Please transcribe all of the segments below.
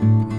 Thank you.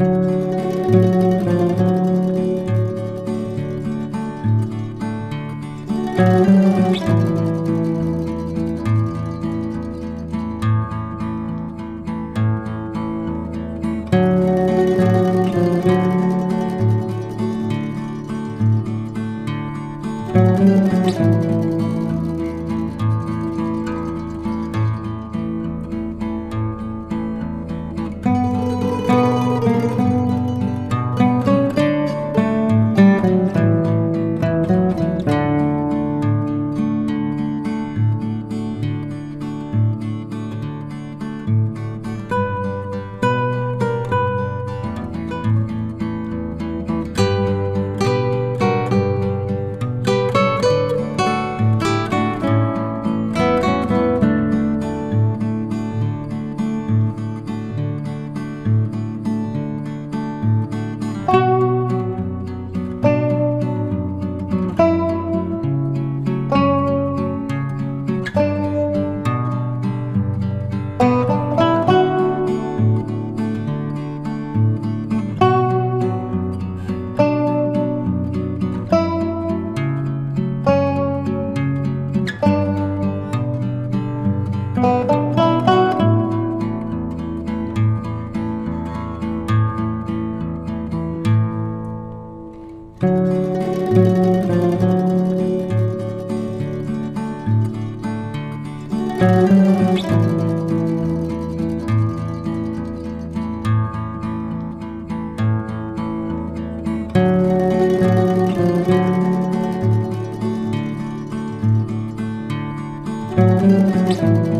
Müzik Música